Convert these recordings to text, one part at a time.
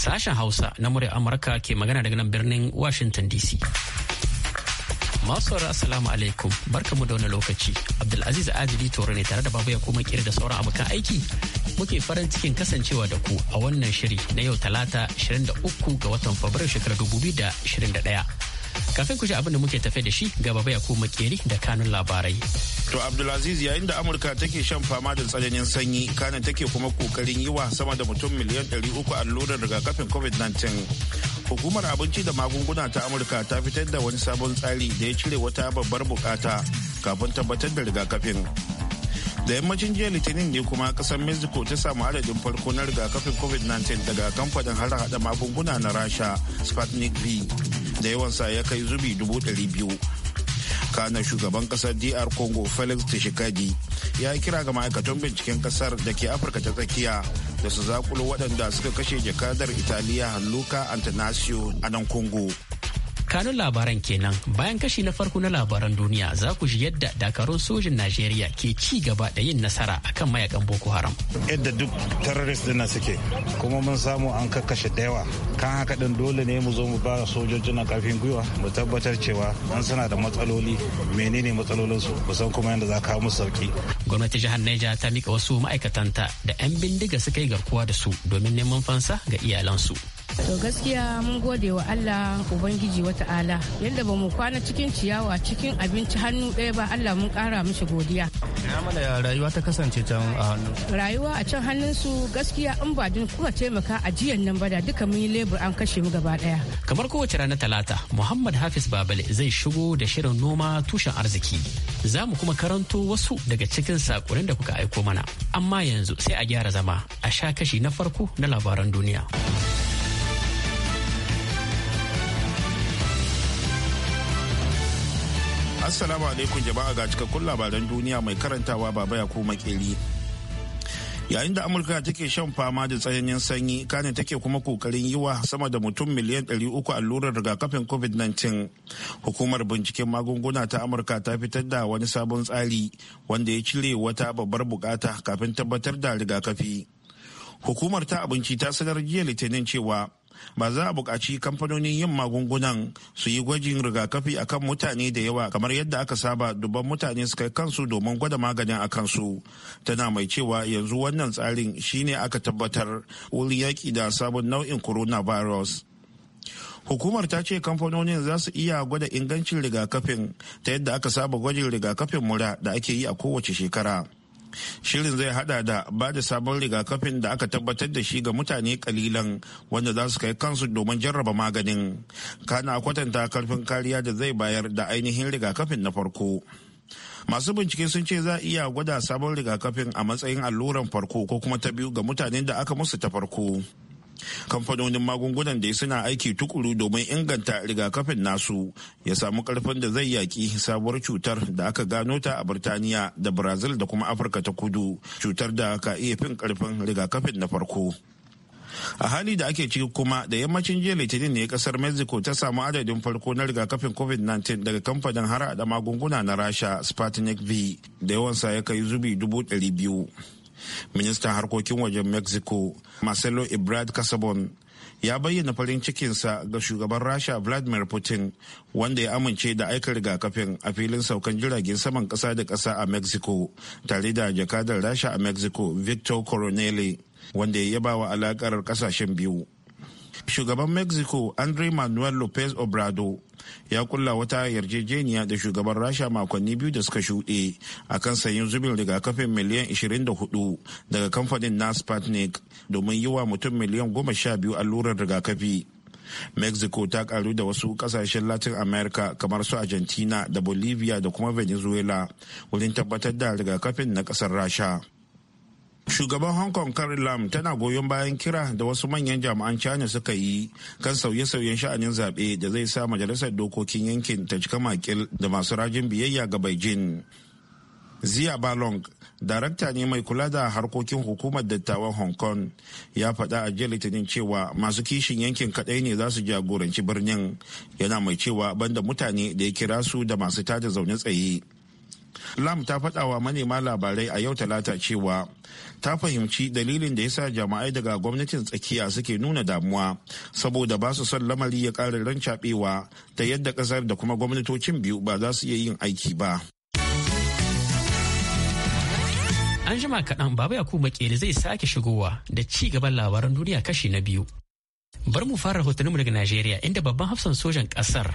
Sashen Hausa na murya Amurka ke magana daga nan birnin Washington DC. Masu Assalamu alaikum barkamu da wani lokaci. Abdulaziz ajili Toro ne tare da Babu ya koma Kiri da sauran abokan aiki. Muke farin cikin kasancewa da ku a wannan shiri na yau Talata 23 ga watan Fabrairu shekarar 2021. Kafin ku ji abin da muke tafe da shi ga Babu koma Makeri da kanun labarai. To Abdulaziz yayin da Amurka take shan fama da tsananin sanyi kana take kuma kokarin yi wa sama da mutum miliyan 300 allurar rigakafin COVID-19. Hukumar abinci da magunguna ta Amurka ta fitar da wani sabon tsari da ya cire wata babbar bukata kafin tabbatar da rigakafin. Da yammacin jiya litinin ne kuma kasar Mexico ta samu adadin farko na rigakafin COVID-19 daga kamfanin har hada magunguna na Rasha Sputnik V da yawansa ya kai zubi dubu biyu. kanan shugaban kasar dr congo felix tshisekedi ya yi kira ga ma'aikatan binciken kasar da ke afirka ta tsakiya da su zakulo waɗanda suka kashe jakadar italiya luka antanasio a nan congo kanun labaran kenan bayan kashi na farko na labaran duniya za ku ji yadda dakarun sojin najeriya ke ci gaba da yin nasara akan mayakan boko haram yadda duk terrorist dinnan suke kuma mun samu an kakkashe da kan haka din dole ne mu zo mu ba sojojin na kafin gwiwa mu tabbatar cewa an suna da matsaloli menene matsalolinsu mu san kuma yadda za ka musu sauki gwamnati jihar naija ta mika wasu ma'aikatanta da 'yan bindiga suka yi garkuwa da su domin neman fansa ga iyalansu To gaskiya mun gode wa Allah Ubangiji wa ta'ala yadda ba mu kwana cikin ciyawa cikin abinci hannu ɗaya ba Allah mun ƙara mishi godiya. Ina mana rayuwa ta kasance can a hannu. Rayuwa a can hannun su gaskiya in ba din kuka taimaka a jiyan nan da duka mun yi lebur an kashe mu gaba ɗaya. Kamar kowace ranar Talata Muhammad Hafiz Babale zai shigo da shirin noma tushen arziki. Za mu kuma karanto wasu daga cikin sakonin da kuka aiko mana. Amma yanzu sai a gyara zama a sha kashi na farko na labaran duniya. Assalamu alaikum jama'a ga cikakkun labaran duniya mai karantawa baba ya kuma makeri. Yayin da Amurka take shan fama da tsananin sanyi, kane take kuma kokarin yi wa sama da mutum miliyan 300 allurar rigakafin COVID-19. Hukumar binciken magunguna ta Amurka ta fitar da wani sabon tsari wanda ya cire wata babbar bukata kafin tabbatar da rigakafi. Hukumar ta abinci ta sanar jiya Litinin cewa ba za a buƙaci kamfanonin yin magungunan su yi gwajin rigakafi a kan mutane da yawa kamar yadda aka saba dubban mutane su kai kansu domin gwada maganin a kansu tana mai cewa yanzu wannan tsarin shine aka tabbatar wuri yaƙi da sabon nau'in coronavirus hukumar ta ce kamfanonin za su iya gwada ingancin rigakafin ta yadda aka saba gwajin rigakafin mura da ake yi a kowace shekara shirin zai hada da ba da sabon rigakafin da aka tabbatar da shi ga mutane kalilan wanda za su kai kansu domin jarraba maganin kana kwatanta karfin kariya da zai bayar da ainihin rigakafin na farko masu bincike sun ce za a iya gwada sabon rigakafin a matsayin alluran farko ko kuma ta biyu ga mutanen da aka musu ta farko kamfanonin magungunan da suna aiki tukuru domin inganta rigakafin nasu ya samu karfin da zai yaki sabuwar cutar da aka gano ta a birtaniya da brazil da kuma afirka ta kudu cutar da ka iya fin karfin rigakafin na farko a hali da ake ciki kuma da yammacin jiya litinin ne kasar mexico ta samu adadin farko na rigakafin covid-19 daga kamfanin harada magunguna na rasha sputnik v da yawansa ya kai zubi dubu biyu. ministan harkokin wajen mexico marcelo ibrad casabon ya bayyana farin cikinsa ga shugaban rasha vladimir putin wanda ya amince da aika rigakafin a filin saukan jiragen saman kasa da kasa a mexico tare da jakadar rasha a mexico victor coronelli wanda ya yaba wa alakar kasashen biyu shugaban mexico andre manuel lopez obrado ya kulla wata yarjejeniya da shugaban rasha makonni biyu da suka shuɗe a kan sayin zubin rigakafin miliyan 24 daga kamfanin naspatnik domin yi wa mutum miliyan 12 allurar rigakafi mexico ta karu da wasu kasashen latin america kamar su argentina da bolivia da kuma venezuela wurin tabbatar da rigakafin na kasar rasha shugaban hong kong carrie lam tana goyon bayan kira da wasu manyan jami'an china suka yi kan sauye-sauyen sha'anin zaɓe da zai sa majalisar dokokin yankin ta cika makil da masu rajin biyayya ga beijing zia balong darakta ne mai kula da harkokin hukumar dattawan hong kong ya faɗa a jiya litinin cewa masu kishin yankin kaɗai ne za su jagoranci birnin yana mai cewa banda mutane da ya kira su da masu tada zaune tsaye lam ta faɗa wa manema labarai a yau talata cewa ta fahimci dalilin da ya sa jama'ai daga gwamnatin tsakiya suke nuna damuwa saboda ba su son lamari ya ƙara rancaɓewa ta yadda ƙasar da kuma gwamnatocin biyu ba za su iya yin aiki ba an jima kaɗan baba yakubu makeri zai sake shigowa da ci gaban labaran duniya kashi na biyu Bar mu fara rahotanninmu daga Najeriya inda babban hafsan sojan ƙasar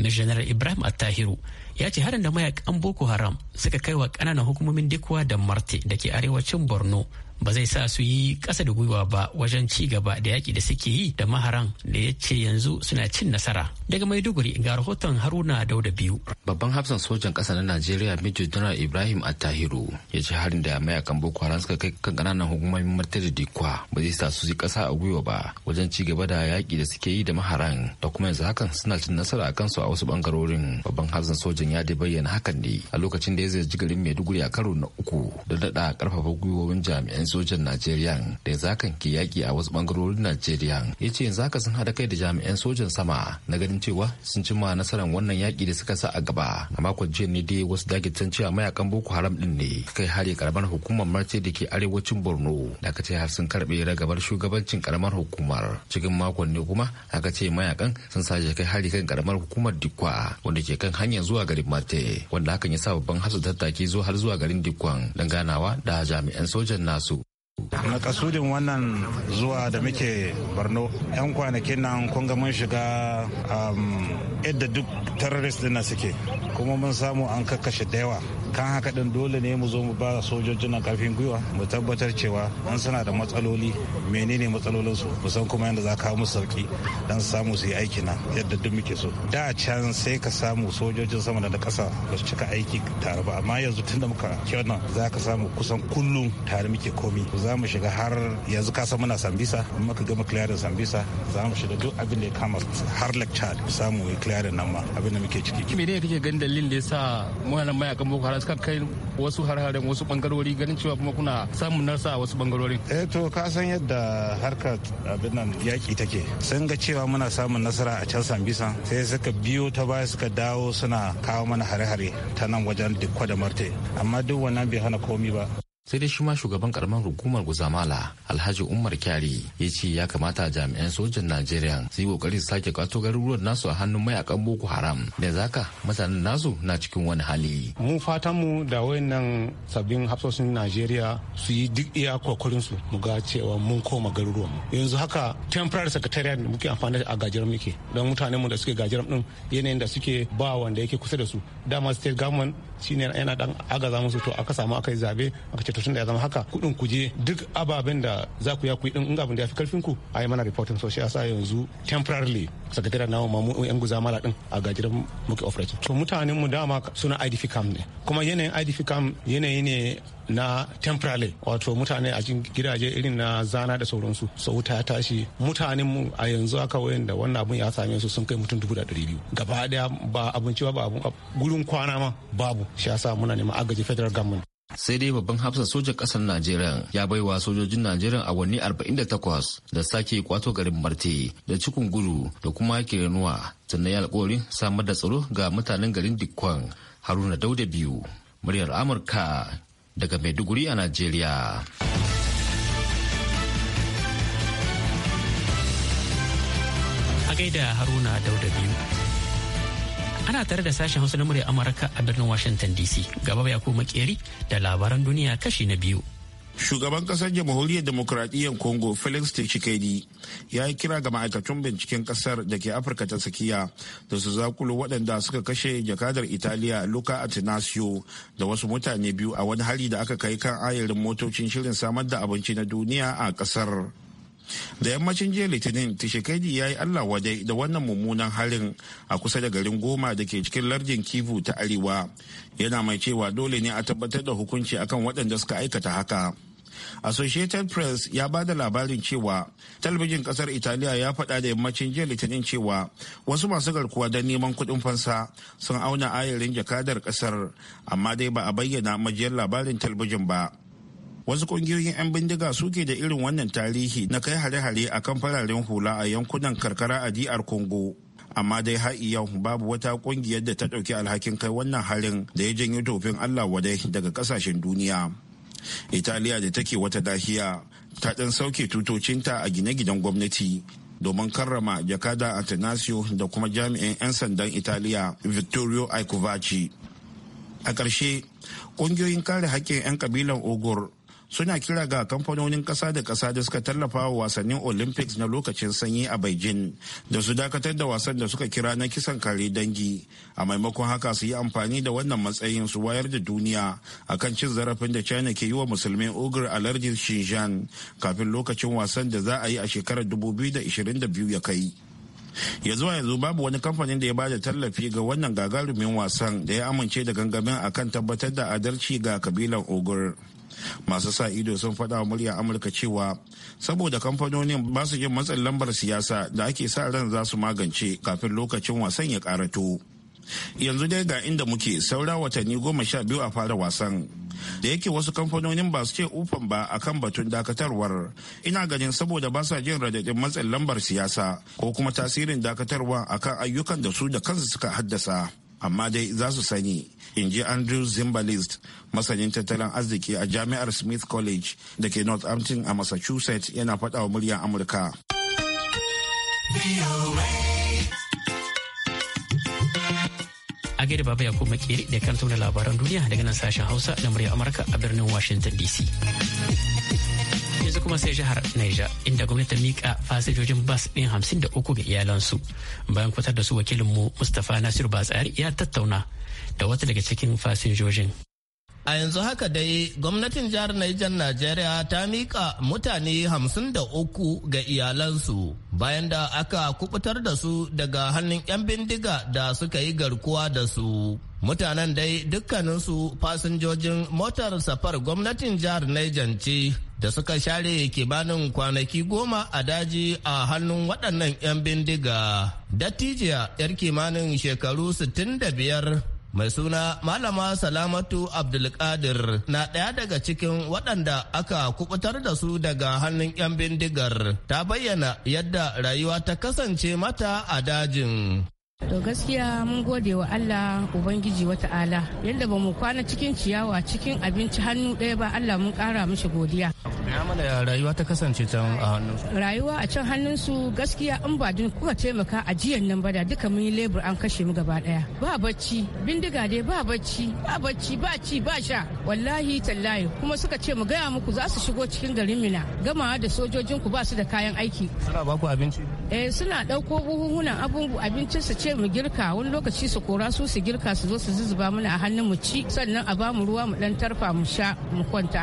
na General Ibrahim Attahiru ya ce harin da mayakan Boko Haram suka kai wa ƙananan hukumomin Dikwa da Marte da ke arewacin Borno ba zai sa su yi ƙasa da gwiwa ba wajen ci gaba da yaƙi da suke yi da maharan da ya ce yanzu suna cin nasara. Daga Maiduguri ga rahoton Haruna Dauda biyu. Babban hafsan sojan ƙasa na Najeriya Major General Ibrahim Attahiru ya ce harin da mayakan Boko Haram suka kai kan ƙananan hukumomin martaba dikwa ba zai sa su yi ƙasa a gwiwa ba wajen ci gaba da yaƙi da suke yi da maharan da kuma yanzu hakan suna cin nasara a kansu a wasu bangarorin. Babban hafsan sojan ya bayyana hakan ne a lokacin da ya zai garin Maiduguri a karo na uku da daɗa karfafa gwiwowin jami'an sojan najeriya da yanzu ke yaki a wasu bangarorin najeriya ya ce yanzu haka sun haɗa kai da jami'an sojan sama na ganin cewa sun cimma nasarar wannan yaki da suka sa a gaba a makon jiya ne dai wasu dagitan cewa mayakan boko haram din ne kai hari karamar hukumar marce da ke arewacin borno da aka ce har sun karɓe ragabar shugabancin karamar hukumar cikin makon ne kuma aka ce mayakan sun sace kai hari kan karamar hukumar dikwa wanda ke kan hanyar zuwa garin mate wanda hakan ya sa babban hasu tattaki zo har zuwa garin dikwan don ganawa da jami'an sojan nasu kasudin wannan zuwa da muke barno yan kwanakin nan kun ga mun shiga um, yadda duk terrorist dinnan suke kuma mun samu an kakkashe da yawa kan haka din dole ne mu zo mu ba sojojin nan karfin gwiwa mu tabbatar cewa an suna da matsaloli menene matsalolinsu mu san kuma yadda za ka kawo musu sauki dan samu su yi aiki nan yadda duk muke so da can sai ka samu sojojin sama da kasa ba su cika aiki tare ba amma yanzu tun da muka kyau nan za ka samu kusan kullum tare muke komi za mu shiga har yanzu ka san muna sambisa in muka gama clearing sambisa za mu shiga duk abin da ya kama har lecture samu yi clearing nan ma abin da muke ciki. Mene ne kake ganin dalilin da ya sa mayakan Boko Haram fuskar kai wasu har-haren wasu bangarori ganin cewa kuma kuna samun nasa a wasu bangarorin eh to ka san yadda harkar abin nan yaki take sun ga cewa muna samun nasara a can sambisan sai suka biyo ta baya suka dawo suna kawo mana hare-hare ta nan wajen dikko da marte amma duk wannan bai hana komi ba sai dai shi ma shugaban karamar hukumar guzamala alhaji umar kyari ya ce ya kamata jami'an sojan najeriya su yi kokari su sake kwato garuruwan nasu a hannun mayakan boko haram da zaka mutanen nasu na cikin wani hali mu fatanmu da wayannan sabbin hafsoshin najeriya su yi duk iya kokarin su mu ga cewa mun koma garuruwan yanzu haka temporary secretariat da muke amfani a gajiran muke don mutanen mu da suke gajiran din yanayin da suke ba wanda yake kusa da su dama state government shine yana dan agaza su to aka samu aka yi zabe aka ce to tunda ya zama haka kudin ku je duk ababen da za ku ya ku din in abin da ya fi karfin ku a yi mana reporting so shi yasa yanzu temporarily sakataren mu mamu yan guzamala din a gajiran muke operating to mutanen mu dama suna IDF cam ne kuma yanayin IDF cam yanayi ne na temporarily wato mutane a cikin gidaje irin na zana da sauransu so wuta ya tashi mutanen mu a yanzu aka wayan da wannan abun ya same su sun kai mutum dubu da ɗari biyu gaba daya ba abinci ba abun gurin kwana ma babu shi yasa muna neman agaji federal government sai dai babban hafsan sojan kasar najeriya ya baiwa sojojin najeriya awanni 48 da sake kwato garin marte da cikin gudu da kuma kirenuwa sannan ya alkawarin samar da tsaro ga mutanen garin dikwan haruna dauda biyu muryar amurka daga maiduguri a najeriya a gaida haruna dauda biyu ana tare da sashen hausa na murya amurka a birnin washington dc gaba ya koma Keri da labaran duniya kashi na biyu shugaban kasar jamhuriyar demokuraɗiyyar congo felix tshisekedi ya yi kira ga ma'aikatun binciken kasar da ke afirka ta tsakiya da su zakulo waɗanda suka kashe jakadar italiya luca atanasio da wasu mutane biyu a wani hali da aka kai kan ayarin motocin shirin samar da abinci na duniya a kasar da yammacin jiya litinin tishikaidi ya yi allah wadai da wannan mummunan harin a kusa da garin goma da ke cikin lardin kivu ta arewa yana mai cewa dole ne a tabbatar da hukunci akan waɗanda suka aikata haka associated press ya ba da labarin cewa talabijin kasar italiya ya faɗa da yammacin jiya litinin cewa wasu masu garkuwa don neman kuɗin fansa sun auna ayarin jakadar kasar amma dai ba a bayyana majiyar labarin talabijin ba wasu kungiyoyin 'yan bindiga suke da irin wannan tarihi na kai hare-hare a kan fararen hula a yankunan karkara a DR Congo. Amma dai har yau babu wata kungiyar da ta ɗauki alhakin kai wannan harin da ya janyo tofin Allah wadai daga ƙasashen duniya. Italiya da take wata dahiya ta ɗan sauke tutocinta a gine-ginen gwamnati domin karrama jakada atanasio da kuma jami'in 'yan sandan italiya vittorio Aikovaci. a ƙarshe ƙungiyoyin kare haƙƙin 'yan ƙabilan ogur suna kira ga kamfanonin kasa da kasa da suka tallafa wa wasannin olympics na lokacin sanyi a beijing da su dakatar da wasan da suka kira na kisan kare dangi a maimakon haka su yi amfani da wannan matsayin su wayar da duniya akan cin zarafin da china ke yi wa musulmin ugur a lardin xinjiang kafin lokacin wasan da za a yi a shekarar 2022 ya kai ya zuwa yanzu babu wani kamfanin da ya bada tallafi ga wannan gagarumin wasan da ya amince da gangamin akan tabbatar da adalci ga kabilan ogur masu sa ido sun faɗa wa murya amurka cewa saboda kamfanonin ba su jin matsin lambar siyasa da ake sa ran za su magance kafin lokacin wasan ya karatu yanzu dai ga inda muke saura watanni goma sha biyu a fara wasan da yake wasu kamfanonin ba su ce ufan ba a kan batun dakatarwar ina ganin saboda ba sa jin radadin matsin lambar siyasa ko kuma tasirin dakatarwa akan ayyukan da su da kansu suka haddasa amma dai za su sani in ji andrew zimbalist masanin tattalin arziki a jami'ar smith college da ke northampton a massachusetts yana faɗa wa muryar amurka a baba ya kuma kere da kan tauna labaran duniya daga nan sashen hausa da muryar amurka a birnin washington dc yanzu kuma sai jihar Niger inda gwamnati ta mika fasinjojin bas ɗin hamsin da uku ga iyalansu bayan kwatar da su wakilinmu Mustapha Nasiru Batsari ya tattauna da wata daga cikin fasinjojin. A yanzu haka dai gwamnatin jihar Niger Najeriya ta mika mutane hamsin da uku ga iyalansu bayan da aka kubutar da su daga hannun 'yan bindiga da suka yi garkuwa da su. Mutanen dai dukkaninsu fasinjojin motar safar gwamnatin jihar Niger ce da suka share kimanin kwanaki goma a daji a hannun waɗannan 'yan bindiga. Dattijiya 'yar kimanin shekaru 65 mai suna Malama Salamatu Abdulkadir na ɗaya daga cikin waɗanda aka kubutar da su daga hannun 'yan bindigar ta bayyana yadda rayuwa ta kasance mata a dajin. To gaskiya mun gode wa Allah Ubangiji wataala yadda ba mu kwana cikin ciyawa cikin abinci hannu ɗaya ba Allah mun ƙara mishi godiya. Ya rayuwa ta kasance can a hannun Rayuwa a can hannunsu gaskiya in ba din kuka taimaka a jiyan nan ba da duka mun yi lebur an kashe mu gaba ɗaya. Ba bacci bindiga dai ba bacci ba bacci ba ci ba sha wallahi tallahi kuma suka ce mu gaya muku za su shigo cikin garin Mina gamawa da sojojinku ba su da kayan aiki. Suna ba ku abinci? Eh suna ɗauko buhuhunan abubu abincinsu ce mu girka wani lokaci su kora su su girka su zo su zuzuba mana a hannun mu ci sannan a bamu ruwa mu dan tarfa mu sha mu kwanta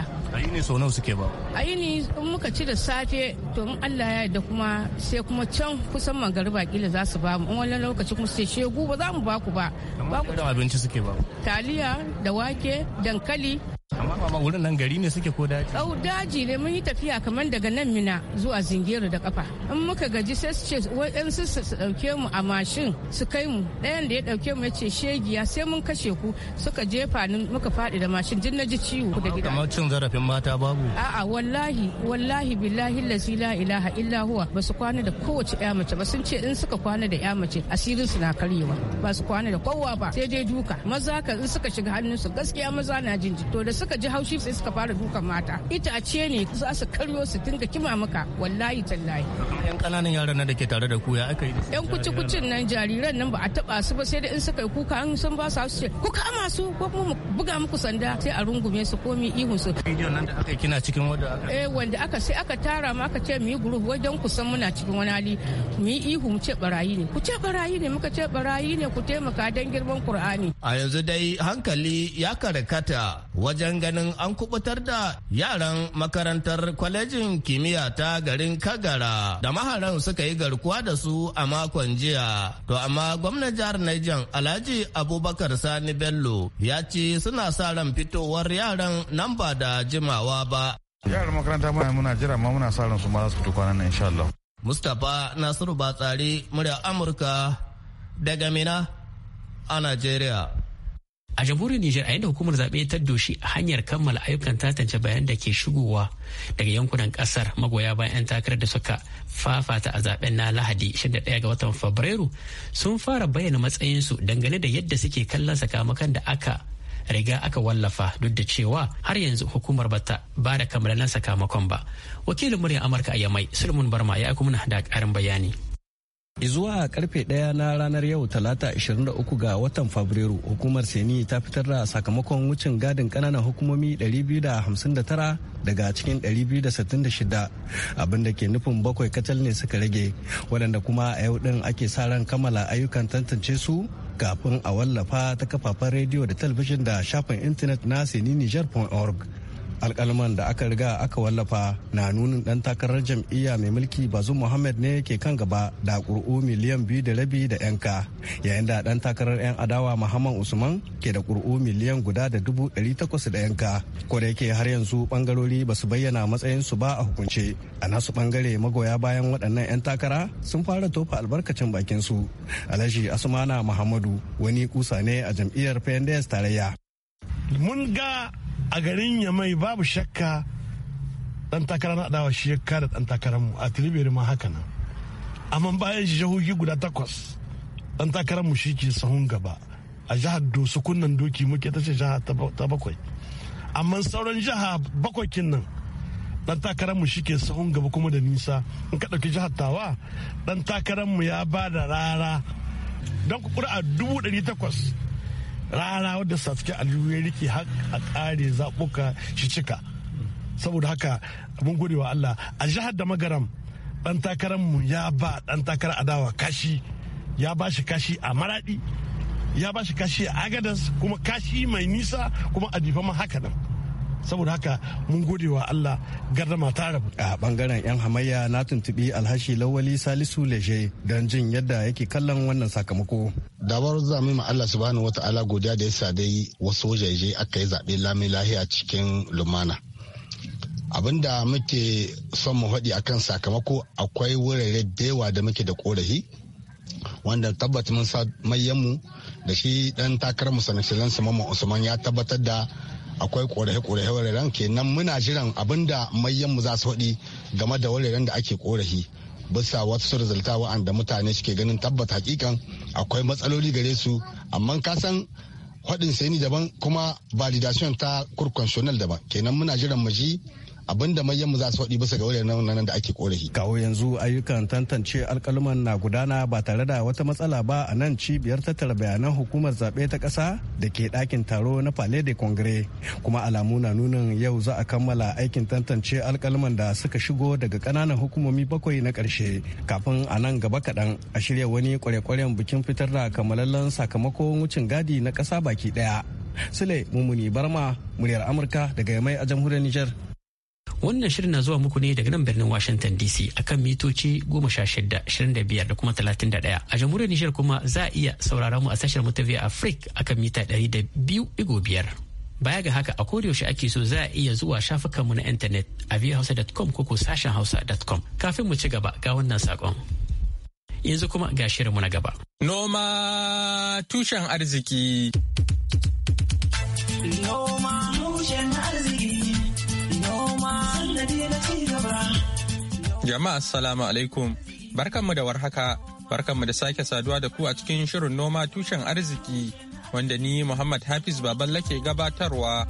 ne sau nawa suke ba ne in muka ci da safe to in Allah ya yarda kuma sai kuma can kusan magariba kila za su bamu in wani lokaci kuma sai shegu ba za mu baku ba ba ku da abinci suke ba taliya da wake dankali amma ba wurin nan gari ne suke ko daji au daji ne mun yi tafiya kamar daga nan mina zuwa zingero da kafa in muka gaji sai su ce wa'yan su su dauke mu a mashin su kai mu ɗayan da ya dauke mu ya ce shegiya sai mun kashe ku suka jefa ni muka faɗi da mashin jin na ji ciwo da gida kamar cin zarafin mata babu a'a wallahi wallahi billahi lazi la ilaha illa huwa ba su kwana da kowace ya mace ba sun ce in suka kwana da ya mace asirin su na karyewa ba su kwana da kowa ba sai dai duka maza ka in suka shiga hannun su gaskiya maza na jinjito to da suka ji haushi sai suka fara dukan mata ita a ce ne za su karyo su dinga kima maka wallahi tallahi yan kananan yaran nan da ke tare da ku ya aka yi yan kuci kucin nan jariran nan ba a taba su ba sai da in suka yi kuka an san ba su ce ku kama su ko kuma mu buga muku sanda sai a rungume su ko mi ihu su bidiyon nan da aka yi kina cikin wanda aka eh wanda aka sai aka tara mu aka ce mu yi group wajen ku san muna cikin wani hali mu yi ihu mu ce barayi ne ku ce barayi ne muka ce barayi ne ku taimaka don girman Qur'ani a yanzu dai hankali ya karakata wajen ganin an kubutar da yaran makarantar kwalejin kimiyya ta garin kagara da maharan suka yi garkuwa da su a makon jiya to amma gwamnan jihar Niger Alhaji Abubakar Sani Bello ya ce suna sa ran fitowar yaran nan ba da jimawa ba yaran makaranta muna jira ma muna sa ran su ma za su fito kwanan nan insha Allah Mustapha Nasiru Batsari murya Amurka daga Mina a Najeriya. a jamhuriyar Nijar a yadda hukumar zaɓe ta doshi a hanyar kammala ayyukan tantance bayan da ke shigowa daga yankunan ƙasar magoya bayan 'yan takarar da suka fafata a zaben na Lahadi 21 ga watan Fabrairu sun fara bayyana matsayinsu dangane da yadda suke kallon sakamakon da aka riga aka wallafa duk da cewa har yanzu hukumar bata ba da kammalalan sakamakon ba. Wakilin muryar Amurka a Yamai Sulmun Barma ya aiko mana da ƙarin bayani. zuwa karfe ɗaya na ranar yau talata 23 ga watan fabrairu hukumar seni ta fitar da sakamakon wucin gadin kananan hukumomi 259 daga cikin 266 abinda ke nufin bakwai kacal ne suka rage waɗanda kuma a yau ɗin ake sa ran kammala ayyukan tantance su kafin a wallafa ta kafafen rediyo da talabijin da shafin intanet na seni niger.org alkalman da aka riga aka wallafa na nunin dan takarar jam'iyya mai mulki bazum muhammad ne ke kan gaba da ƙuri'u miliyan biyu da rabi da yanka yayin da dan takarar yan adawa muhammad usman ke da ƙuri'u miliyan guda da dubu ɗari takwas da yanka ko da yake har yanzu bangarori ba su bayyana matsayinsu ba a hukunce a nasu bangare magoya bayan waɗannan yan takara sun fara tofa albarkacin bakin su alhaji asmana muhammadu wani kusa ne a jam'iyyar pnds tarayya mun ga a garin yamai babu shakka dan takara na adawa shi ya kare dan takarar mu a tilibiri ma haka nan amma bayan shi jihohi guda takwas dan takarar mu shi ke sahun gaba a jihar dosu kunnan doki muke ta ce jiha ta bakwai amma sauran jiha bakwakin nan dan takarar mu ke sahun gaba kuma da nisa in ka dauki jihar tawa dan takarar mu ya ba da rara don a dubu ɗari takwas rana wadda saske aliyu ya rike har a kare zaɓuka shi cika saboda haka mun gode wa allah a jihar da magaram ɗan takararmu ya ba ɗan takarar adawa kashi ya ba shi kashi a maraɗi ya ba shi kashi a agadas kuma kashi mai nisa kuma a difa ma haka nan saboda haka mun gode wa Allah gardama ta rabu a bangaren yan hamayya na tuntubi alhashi lawali salisu leje don jin yadda yake kallon wannan sakamako dabar zami ma Allah subhanahu wataala godiya da yasa dai wasu wajeje aka yi zaɓe lami lahiya cikin lumana abin da muke son mu faɗi akan sakamako akwai wurare da yawa da muke da korafi wanda tabbatar mun sa mayyanmu da shi ɗan takarar musanacilan su mamman usman ya tabbatar da akwai korahe-korahe wuraren kenan muna jiran abinda mayyanmu za su faɗi game da wuraren da ake korahi bisa wasu rizalta wa'anda mutane suke ganin tabbat hakikan akwai matsaloli gare su amma ka san faɗin sai ni daban kuma validation ta kurkonsional daban kenan muna jiran mu ji abinda da manyan mu za su faɗi bisa ga wurin nan da ake korafi kawo yanzu ayyukan tantance alkaluman na gudana ba tare da wata matsala ba a nan cibiyar tattara bayanan hukumar zaɓe ta ƙasa da ke ɗakin taro na palais de congrès kuma alamu na nunin yau za a kammala aikin tantance alkaluman da suka shigo daga ƙananan hukumomi bakwai na ƙarshe kafin a nan gaba kaɗan a shirya wani kware bikin fitar da kamalallen sakamakon wucin gadi na ƙasa baki ɗaya. Sule Mumuni Barma, muryar Amurka daga Yamai a jamhuriyar Nijar. Wannan shirin na zuwa muku ne daga nan birnin Washington DC akan mitoci 16, da kuma 31. A jamhuriyar Nijar kuma za a iya sauraron mu a sashen mu ta Via Africa akan mita 200.5. baya ga haka a yaushe ake so za a iya zuwa shafukanmu na intanet a vhausa.com ko ko sashen hausa.com kafin mu ci gaba ga wannan sakon. Yanzu kuma ga shirinmu na gaba. Noma tushen arziki. Noma tushen Jama'a Salamu alaikum barkanmu da warhaka barkanmu da sake saduwa da ku a cikin shirin noma tushen arziki wanda ni Muhammad Hafiz Baballa ke gabatarwa.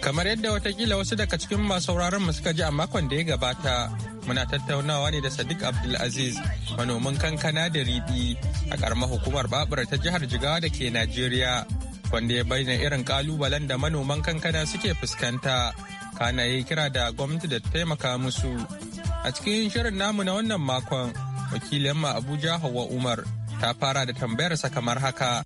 Kamar yadda watakila wasu daga cikin masu sauraron mu suka ji a makon da ya gabata muna tattaunawa ne da sadiq abdulaziz manoman kankana da riɗi a ƙaramar hukumar babura ta jihar jigawa da ke najeriya wanda ya bayyana irin kalubalen da manoman kankana suke fuskanta kana yi kira da gwamnati da taimaka musu a cikin shirin namu na wannan makon wakilin ma abuja hawa umar ta fara da tambayarsa kamar haka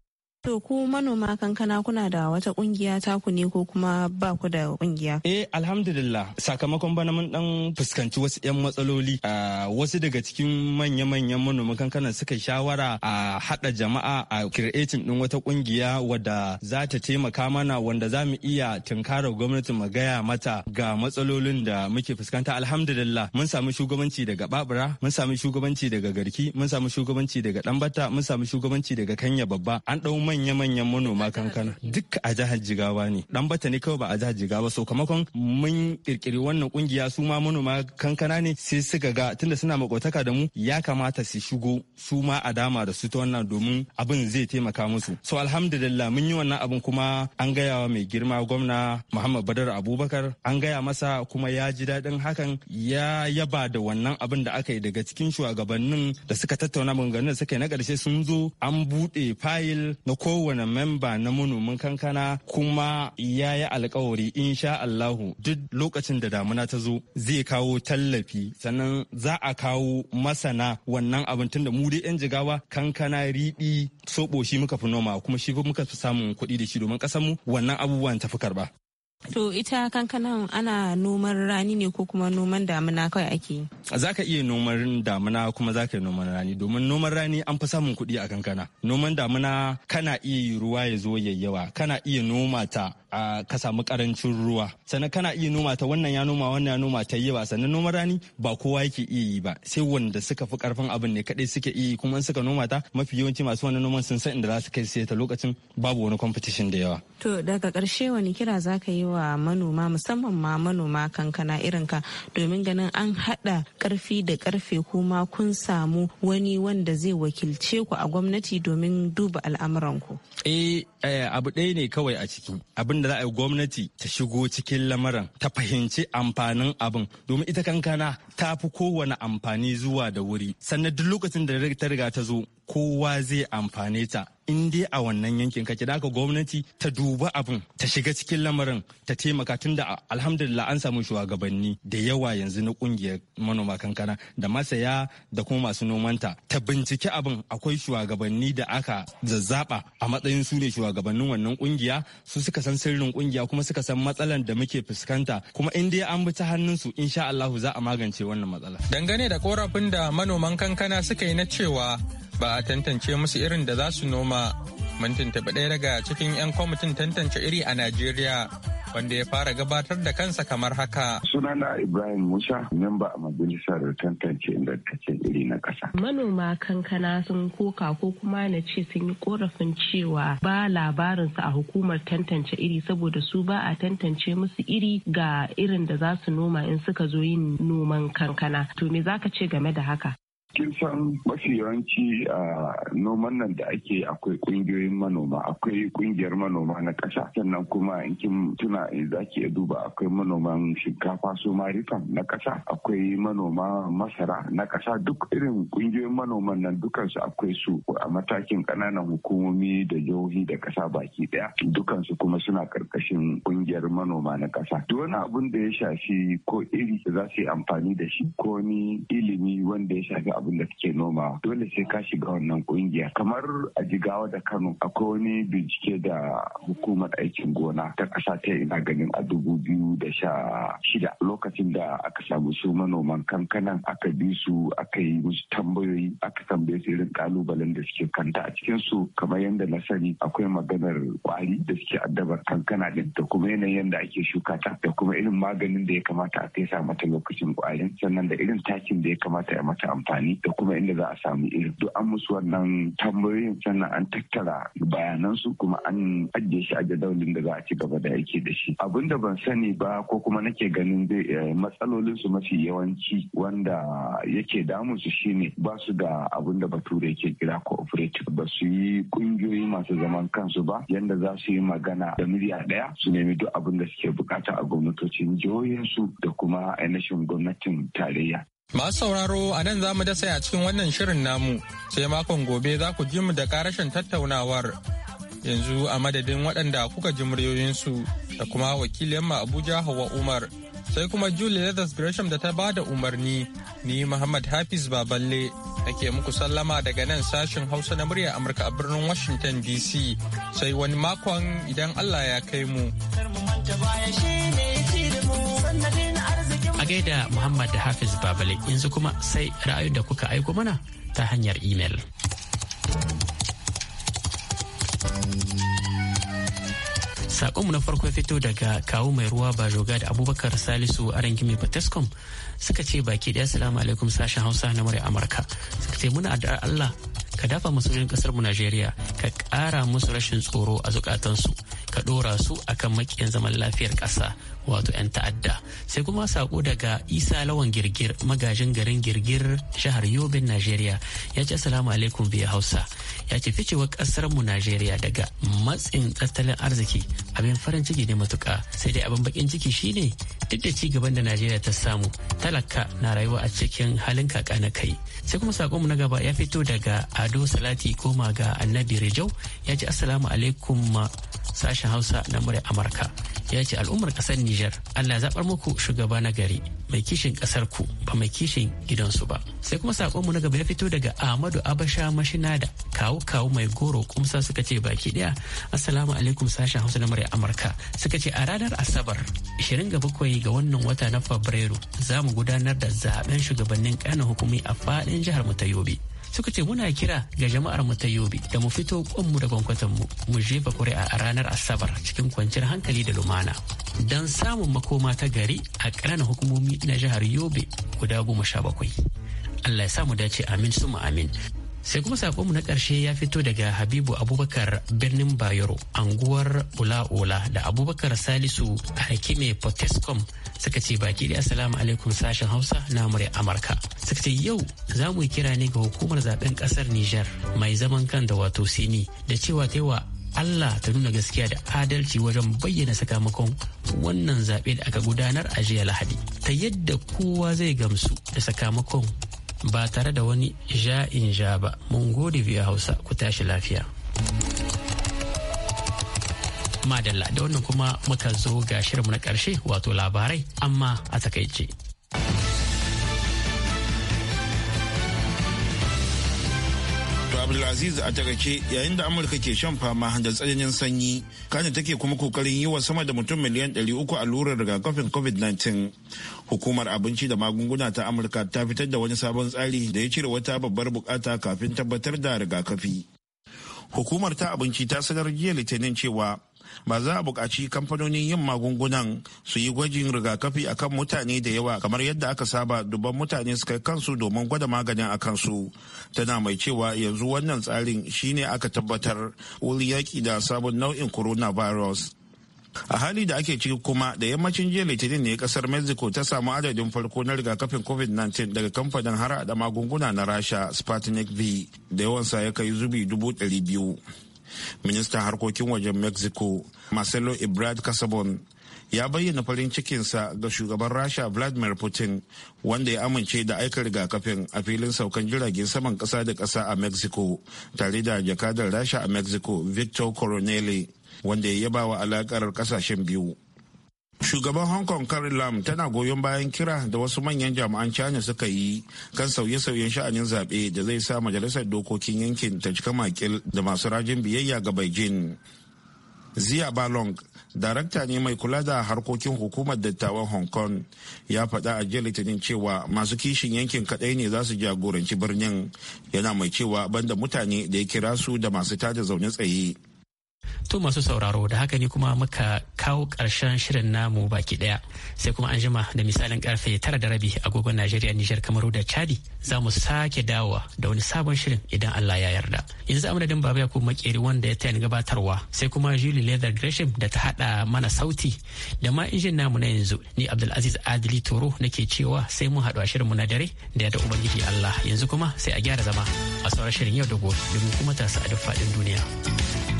To ku manoma kankana kuna da wata kungiya ku ne ko kuma ba ku da kungiya? Eh alhamdulillah sakamakon bana mun dan fuskanci wasu yan matsaloli ah, wasu daga cikin manya-manyan manoma kankana suka shawara a hada jama'a a creating din wata kungiya wadda za ta taimaka mana wanda za mu iya tunkarar gwamnati mu gaya mata ga matsalolin da muke fuskanta alhamdulillah mun samu shugabanci daga babura mun samu shugabanci daga garki mun samu shugabanci daga dambata mun samu shugabanci daga kanya babba an dau manya-manyan manoma kankana duk a jihar Jigawa ne. Dan bata ne kawai ba a jihar Jigawa sakamakon mun kirkiri wannan kungiya su ma manoma kankana ne sai suka ga tunda suna makotaka da mu ya kamata su shigo su ma a dama da su ta wannan domin abin zai taimaka musu. So alhamdulillah mun yi wannan abin kuma an gaya wa mai girma gwamna Muhammad Badar Abubakar an gaya masa kuma ya ji daɗin hakan ya yaba da wannan abin da aka yi daga cikin shugabannin da suka tattauna maganganun da suka yi na ƙarshe sun zo an buɗe fayil na kowane memba na manomin kankana kuma ya yi alkawari insha Allahu duk lokacin da damuna ta zo zai kawo tallafi sannan za a kawo masana wannan abin tunda mu dai 'yan jigawa kankana riɗi soɓo shi muka fi noma kuma shi muka fi samun kuɗi da shi domin ƙasar wannan abubuwan tafi karɓa. To ita kankanan ana noman rani ne ko kuma noman damuna kawai ake yi? Za ka iya noman damuna kuma za ka yi noman rani domin noman rani an fi samun kuɗi a kankana. Noman damuna kana iya yi ruwa ya zo yayyawa kana iya noma ta ka samu karancin ruwa sannan kana iya noma ta wannan ya noma wannan ya noma ta yi ba sannan noman rani ba kowa yake iya yi ba sai wanda suka fi karfin abin ne kadai suke iya yi kuma suka noma ta mafi yawanci masu wannan noman sun san inda za su kai sai ta lokacin babu wani competition da yawa to daga karshe wani kira za ka yi wa manoma musamman ma manoma kankana irin ka domin ganin an hada karfi da karfe kuma kun samu wani wanda zai wakilce ku a gwamnati domin duba al'amuranku eh Eh, abu ɗaya ne kawai a ciki abin da za a yi gwamnati ta shigo cikin lamarin ta fahimci amfanin abin domin ita kankana ta fi kowane amfani zuwa da wuri sannan duk lokacin da ta riga ta zo kowa zai amfane ta in dai a wannan yankin kake da ka gwamnati ta duba abin ta shiga cikin lamarin ta taimaka tun da alhamdulillah an samu shugabanni da yawa yanzu na kungiyar manoma kankana da masaya da kuma masu nomanta ta binciki abin akwai shugabanni da aka zazzaba a matsayin su ne shugabannin wannan kungiya su suka san sirrin kungiya kuma suka san matsalan da muke fuskanta kuma in dai an bi ta hannun su insha Allah za a magance wannan matsala dangane da korafin da manoman kankana suka yi na cewa ba a tantance musu irin da za su noma mun tuntuɓi ɗaya daga cikin 'yan kwamitin tantance iri a najeriya wanda ya fara gabatar da kansa kamar haka. Sunana Ibrahim Musa, memba a majalisar tantance ingantaccen iri na ƙasa. Manoma kankana sun koka ko kuma na ce sun yi korafin cewa ba labarinsu a hukumar tantance iri saboda su ba a tantance musu iri ga irin da za su noma in suka zo yin noman kankana. To me zaka ce game da haka? kin san mafi yawanci a noman nan da ake akwai kungiyoyin manoma akwai kungiyar manoma na ƙasa sannan kuma in kin tuna eh, za ki duba akwai manoman shinkafa su marifan na ƙasa akwai manoma masara na kasa duk irin kungiyoyin manoman nan dukansu akwai su a matakin ƙananan hukumomi da jihohi da ƙasa baki ɗaya dukansu kuma suna ƙarƙashin kungiyar manoma na ƙasa duk wani abun da ya shafi ko iri za su yi amfani da shi ko ni ilimi wanda ya shafi abin da suke noma dole sai ka shiga wannan kungiya kamar a jigawa da kano akwai wani bincike da hukumar aikin gona ta ƙasa ta ina ganin a dubu biyu da sha shida lokacin da aka samu su manoman kankanan aka bi su aka yi musu tambayoyi aka tambaye su irin kalubalen da suke kanta a cikin su kamar yadda na sani akwai maganar kwari da suke addabar kankana din da kuma yanayin da ake shuka ta da kuma irin maganin da ya kamata a fesa mata lokacin kwarin sannan da irin takin da ya kamata a mata amfani da kuma inda za a samu iri duk an musu wannan tambayoyin sannan an tattara bayanansu kuma an ajiye shi a jadawalin da za a ci gaba da yake da shi abin da ban sani ba ko kuma nake ganin zai eh, matsalolin su mafi yawanci wanda yake damun su shine ba su da abin da bature yake kira cooperative ba su yi kungiyoyi masu zaman kansu ba yanda za su yi magana da miliya daya su nemi duk abin da suke bukata a gwamnatocin jihohinsu da kuma ainihin gwamnatin tarayya Masu sauraro a nan za mu dasa a cikin wannan shirin namu sai makon gobe za ku ji mu da karashin tattaunawar yanzu a madadin waɗanda kuka ji muryoyinsu da kuma wakilin mu Abuja Hawa Umar sai kuma Julie Leathers Gresham da ta ba da umarni ni Muhammad Hafiz Baballe ke muku sallama daga nan sashin Hausa na murya Amurka a birnin Washington DC sai wani makon idan Allah ya kai mu. gaida Muhammad da Hafiz Babale yanzu kuma sai ra'ayin da kuka aiko mana ta hanyar imel. Sakonmu na farko ya fito daga kawo mai ruwa ba joga da Abubakar Salisu a Arangimi Patescom suka ce baki daya salamu alaikum sashen Hausa na murya Amurka. Suka ce muna addu'ar Allah ka dafa masu kasar mu Najeriya ka ƙara musu rashin tsoro a zukatansu. ka ɗora su akan makiyan zaman lafiyar ƙasa wato 'yan ta'adda sai kuma saƙo daga isa lawan girgir magajin garin girgir jihar yobin najeriya ya ce assalamu alaikum biya hausa ya ce ficewar ƙasar mu najeriya daga matsin tattalin arziki abin farin ciki ne matuƙa sai dai abin bakin ciki shine duk da ci gaban da najeriya ta samu talaka na rayuwa a cikin halin kaka na kai sai kuma sakon mu na gaba ya fito daga ado salati koma ga annabi rejau ya ce assalamu alaikum sashen sashen Hausa na murya Amurka ya ce al'ummar kasar Nijar Allah zaɓar muku shugaba na gari mai kishin kasar ku ba mai kishin gidansu ba. Sai kuma sakonmu na gaba ya fito daga Ahmadu Abasha Mashina da kawu kawo mai goro kumsa suka ce baki ɗaya Assalamu alaikum sashen Hausa na murya Amurka suka ce a ranar Asabar 27 ga wannan wata na Fabrairu za mu gudanar da zaɓen shugabannin ƙanan hukumi a faɗin jihar mu ta Yobe. suka ce muna kira ga jama'ar mu ta yobe da mu fito kwanmu da kwankwatan mu mu jefa kuri'a a ranar asabar cikin kwanciyar hankali da lumana don samun makoma ta gari a ƙananan hukumomi na jihar yobe guda goma sha bakwai allah ya sa mu dace amin su mu amin sai kuma sakonmu na ƙarshe ya fito daga habibu abubakar birnin bayero anguwar ola da abubakar salisu a hakime potescom suka ce baki da assalamu alaikum sashen hausa na murya amurka suka ce yau za mu yi kira ne ga hukumar zaben ƙasar niger mai zaman kan da wato sini da cewa ta wa allah ta nuna gaskiya da adalci wajen bayyana sakamakon wannan zaɓe da aka gudanar a jiya lahadi ta yadda kowa zai gamsu da sakamakon ba tare da wani ja in ja ba mun gode biyu hausa ku tashi lafiya madalla da wannan kuma muka zo ga shirinmu na ƙarshe wato labarai amma a takaice. abdulaziz a takaice yayin da amurka ke shan fama da tsananin sanyi kana take kuma kokarin yi wa sama da mutum miliyan 300 allurar rigakafin covid-19 hukumar abinci da magunguna ta amurka ta fitar da wani sabon tsari da ya cire wata babbar bukata kafin tabbatar da rigakafi hukumar ta abinci ta sanar jiya litinin cewa ba za a buƙaci kamfanonin yin magungunan su yi gwajin rigakafi akan mutane da yawa kamar yadda aka saba dubban mutane su kai kansu domin gwada maganin a kansu tana mai cewa yanzu wannan tsarin shine aka tabbatar wuri yaƙi da sabon nau'in coronavirus a hali da ake ciki kuma da yammacin jiya litinin ne kasar mexico ta samu adadin farko na rigakafin covid-19 daga kamfanin harada magunguna na rasha sputnik v da yawansa ya kai zubi dubu biyu ministan harkokin wajen mexico marcelo ibrad casabon ya bayyana farin cikinsa ga shugaban rasha vladimir putin wanda ya amince da aika rigakafin a filin saukan jiragen saman kasa da kasa a mexico tare da jakadar rasha a mexico victor coronelli wanda ya yaba wa alakar kasashen biyu Shugaban Hong Kong Carrie Lam tana goyon bayan kira da wasu manyan jami'an China suka yi kan sauye-sauyen sha'anin zaɓe da zai sa majalisar dokokin yankin ta cika makil da masu rajin biyayya ga Beijing. Zia Balong, darakta ne mai kula da harkokin hukumar dattawan Hong Kong, ya faɗa a jiya Litinin cewa masu kishin yankin kaɗai ne za su jagoranci birnin, yana mai cewa banda mutane da ya kira su da masu tada zaune tsaye. To masu sauraro da haka ne kuma muka kawo ƙarshen shirin namu baki ɗaya sai kuma an jima da misalin karfe tara da rabi agogon Najeriya Nijar Kamaru da Chadi za mu sake dawowa da wani sabon shirin idan Allah ya yarda. Yanzu amadadin Baba Yakubu Makeri wanda ya tayin gabatarwa sai kuma juli Leather Gresham da ta hada mana sauti da ma injin namu na yanzu ni Abdulaziz Adili Toro nake cewa sai mun haɗu a shirinmu na dare da ya da Ubangiji Allah yanzu kuma sai a gyara zama a sauran shirin yau da gobe domin kuma ta sa a duk faɗin duniya.